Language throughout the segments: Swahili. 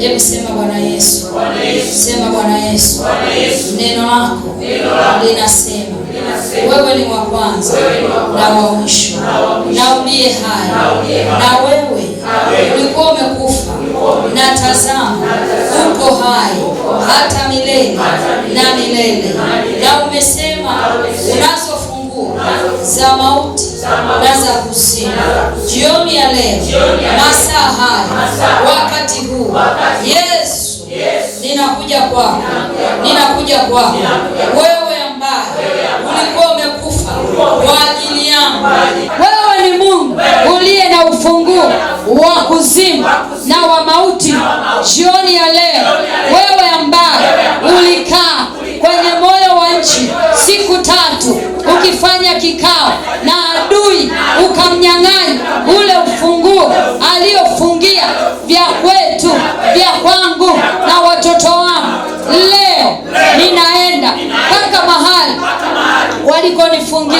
Hebu sema Bwana Yesu, sema Bwana Yesu, neno lako linasema wewe ni wa kwanza na wa mwisho na uliye hai, na wewe ulikuwa umekufa, na tazama uko hai hata milele na milele, na umesema unazo funguo za mauti na za kuzimu. Jioni ya leo masaa haya wakati huu Yesu, ninakuja kwako, ninakuja kwako wewe ambaye ulikuwa umekufa kwa ajili yangu. Wewe ni Mungu uliye na ufunguo wa kuzimu na wa mauti. Jioni ya leo, wewe ambaye ulikaa kwenye moyo wa nchi siku tatu ukifanya kikao na adui, ukamnyang'anya ule ufunguo aliofungia vya hadi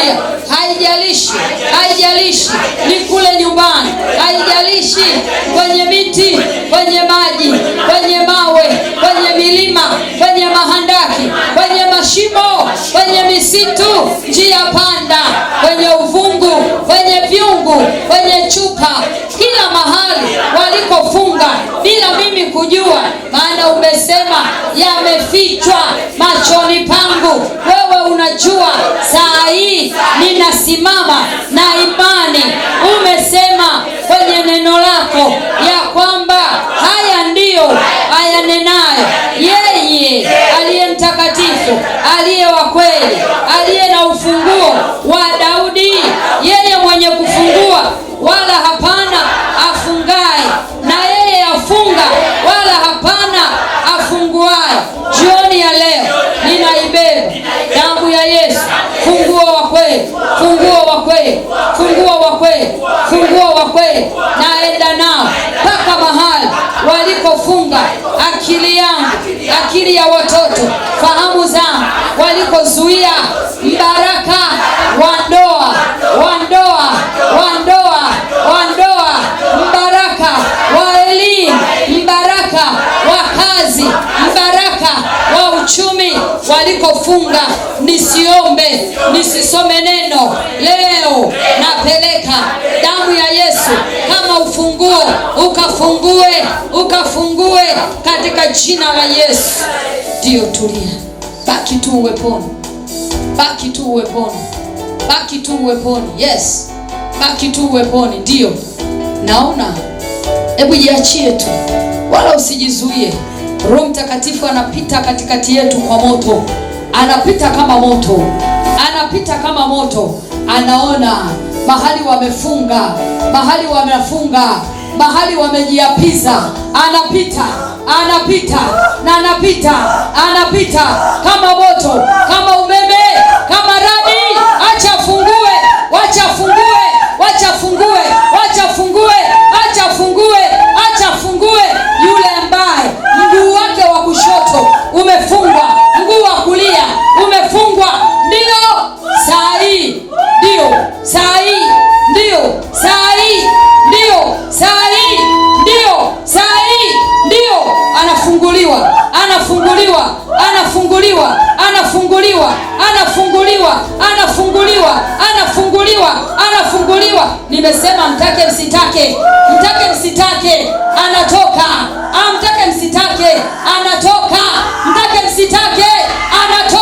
haijalishi, haijalishi ni kule nyumbani, haijalishi kwenye miti, kwenye maji, kwenye mawe, kwenye milima, kwenye mahandaki, kwenye mashimo, kwenye misitu, njia panda, kwenye uvungu, kwenye vyungu, kwenye chuka, kila mahali kujua, maana umesema yamefichwa machoni pangu. Wewe unajua saa hii ninasimama na imani. Umesema kwenye neno lako ya kwamba haya ndiyo ayanenayo yeye aliye mtakatifu, aliye wa kweli, aliye na ufunguo wa akili yangu, akili ya watoto, fahamu zangu, walikozuia mbaraka wa ndoa, wa ndoa, wa ndoa, wa ndoa, mbaraka wa elimu, mbaraka wa kazi, mbaraka wa uchumi, walikofunga nisiombe, nisisome neno, leo napeleka damu ya Yesu kama ufunguo, ukafungue, ukafungue katika jina la Yesu. Ndio, tulia, baki tu uweponi, baki tu uweponi, baki tu uweponi. Yes, baki tu uweponi. Ndio naona. Hebu jiachie tu, wala usijizuie. Roho Mtakatifu anapita katikati yetu kwa moto, anapita kama moto, anapita kama moto, anaona mahali wamefunga, mahali wamefunga mahali wamejiapiza, anapita anapita na anapita anapita, kama moto, kama umeme, kama radi. Acha fungue, wacha fungue, wacha fungue mtake msitake, mtake msitake, anatoka. Amtake msitake, anatoka. Mtake msitake, anatoka.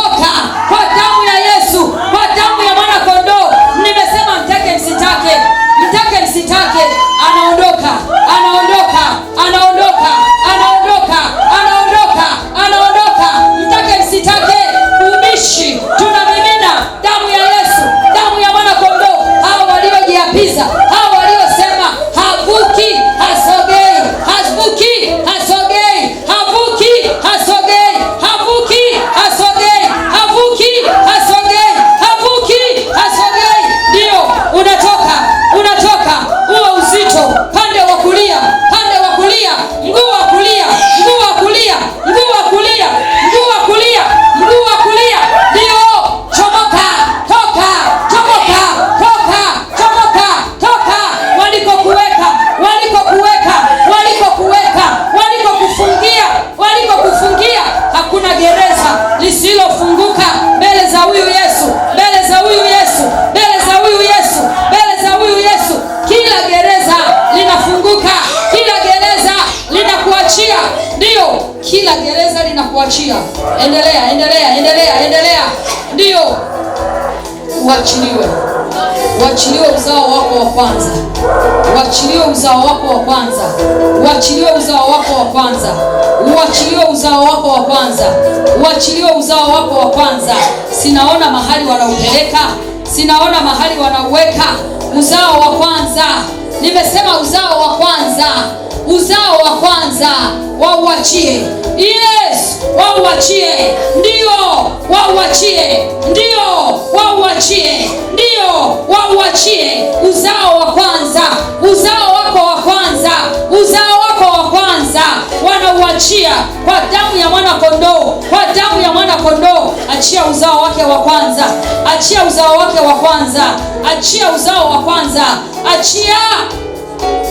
uachiliwe uzao wako wa kwanza, uachiliwe uzao wako wa kwanza, uachiliwe uzao wako wa kwanza, uachiliwe uzao wako wa kwanza, uachiliwe uzao wako wa kwanza. Sinaona mahali wanaupeleka, sinaona mahali wanauweka uzao wa kwanza. Nimesema uzao wa kwanza, uzao wa kwanza wauachie. Yes, wauachie, ndio wauachie, ndio wauachie, ndio wauachie, uzao wa kwanza kwa damu ya mwana kondoo, kwa damu ya mwana kondoo. Achia uzao wake wa kwanza, achia uzao wake wa kwanza, achia uzao wa kwanza, achia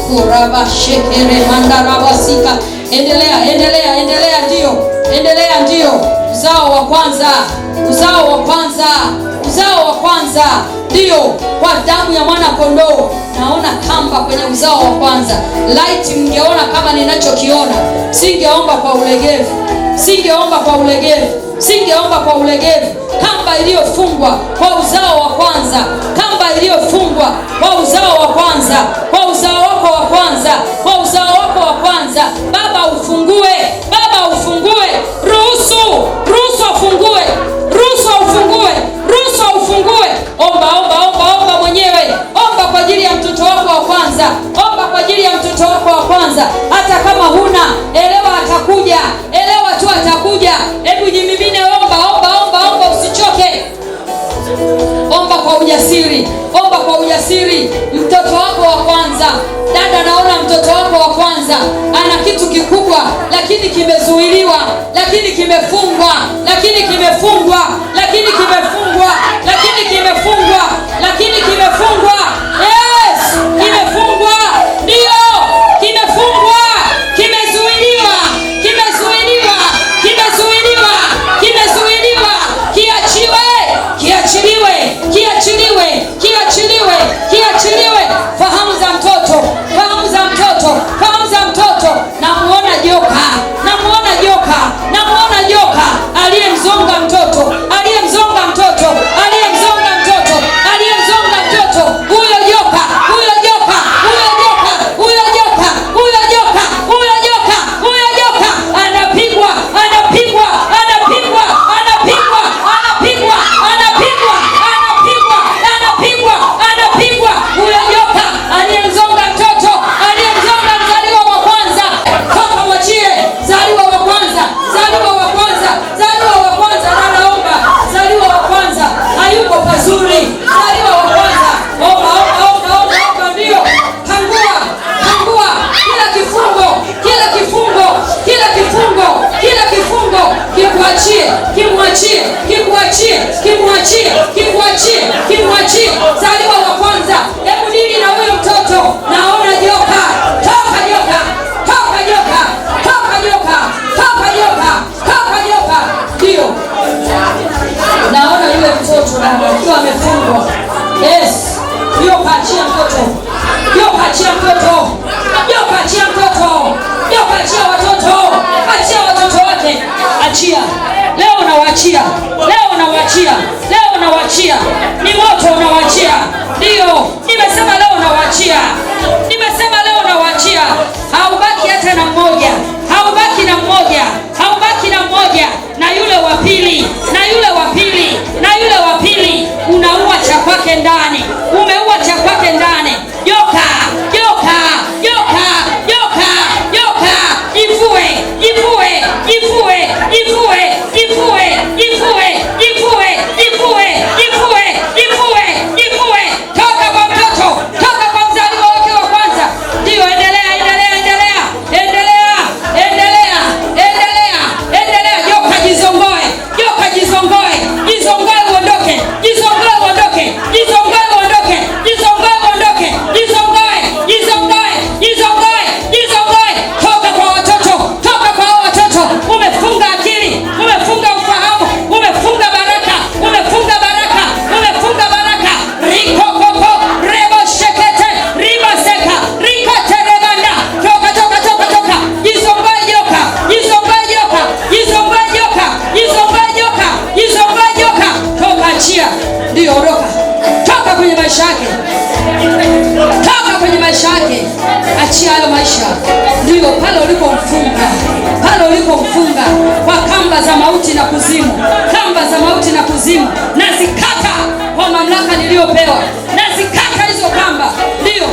kuraba shekere mandarabasika. Endelea, endelea, endelea, ndio, endelea, ndio, uzao wa kwanza, uzao wa kwanza, uzao wa kwanza, ndio damu ya mwana kondoo, naona kamba kwenye uzao wa kwanza. Laiti mngeona kama ninachokiona. Singeomba kwa ulegevu, singeomba kwa ulegevu, singeomba kwa ulegevu. Kamba iliyofungwa kwa uzao wa kwanza, kamba iliyofungwa kwa uzao wa kwanza, kwa uzao wako wa kwanza, kwa uzao wako wa kwanza. Baba ufungue, Baba ufungue, ruhusu, ruhusu afungue, ruhusu afungue, ruhusu afungue. Omba, omba, omba. unawachia leo, unawachia leo, unawachia leo, unawachia ni moto, unawachia ndio. Nimesema leo unawachia, nimesema leo unawachia, haubaki hata na mmoja, haubaki na mmoja, haubaki na mmoja, na yule wa pili, na yule wa pili kuachia hayo maisha. Ndiyo pale ulipomfunga, pale ulipomfunga kwa kamba za mauti na kuzimu, kamba za mauti na kuzimu, nazikata kwa mamlaka niliyopewa, nazikata hizo kamba. Ndiyo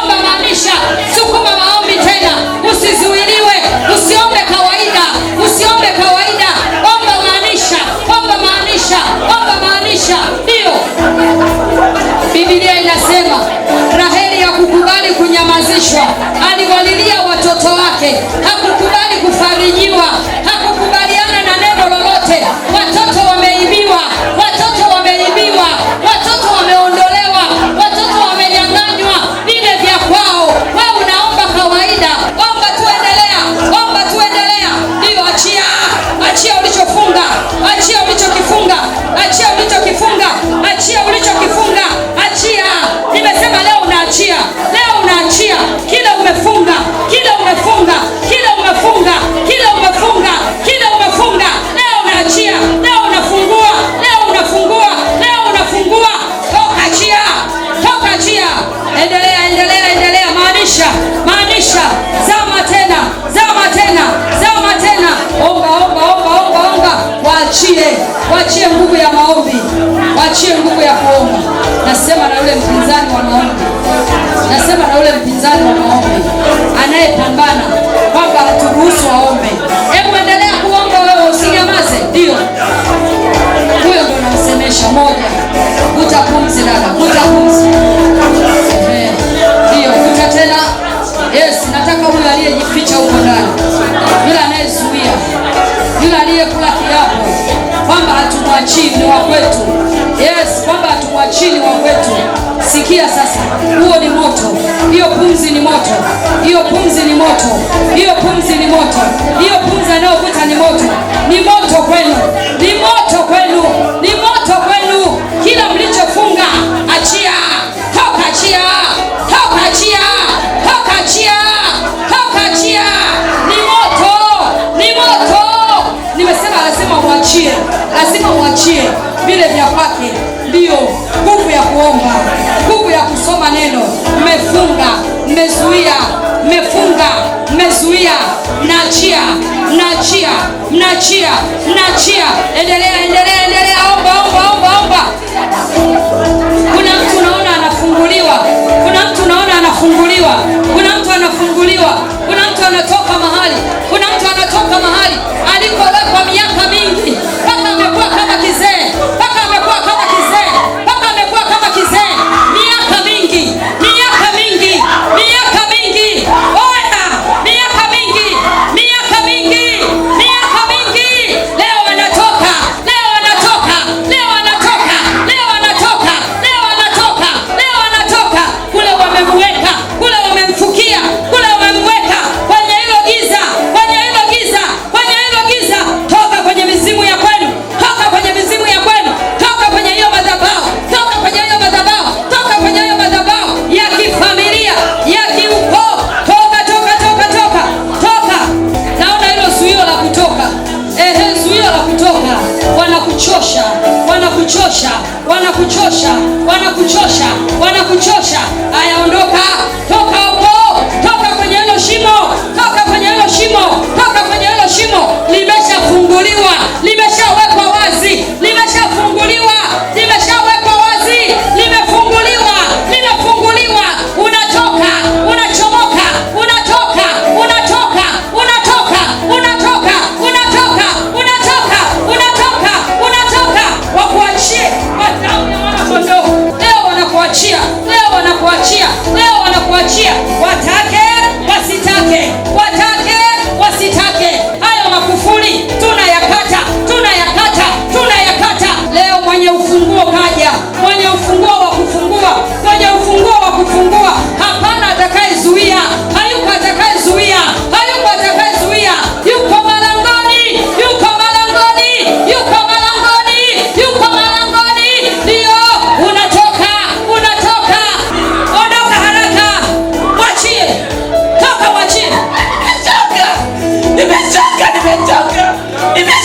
omba, maanisha sukuma maombi tena, usizuiliwe, usiombe Hey! Wachie nguvu ya maombi, wachie nguvu ya kuomba. Nasema na yule mpinzani wa maombi, nasema na yule mpinzani wa maombi anayepambana kwamba haturuhusu waombe. Hebu endelea kuomba wewe, usinyamaze. Ndio huyo ndo namsemesha moja, vuta pumzi dada, vuta pumzi, ndio vuta tena. Yes, nataka huyo aliyejificha huko ndani, yule anayezuia, yule aliyekula kiapo kwamba hatumwachii ni wa kwetu. Yes, kwamba hatumwachii ni wa kwetu. Sikia sasa, huo ni moto, hiyo pumzi ni moto, hiyo pumzi ni moto, hiyo pumzi ni moto, hiyo pumzi anayokuta ni moto, ni moto kwenu, ni moto kwenu, ni moto kwenu. Kila mlichofunga achia, toka, achia. mwachie, lazima mwachie vile vya kwake. ndio nguvu ya kuomba, nguvu ya kusoma neno. Mmefunga, mmezuia, mmefunga, mmezuia, mnaachia, mnaachia, mnachia mnachia Endelea, endelea, endelea, omba, omba, omba, omba. Kuna mtu unaona anafunguliwa, kuna mtu unaona anafunguliwa, kuna mtu anafunguliwa If it's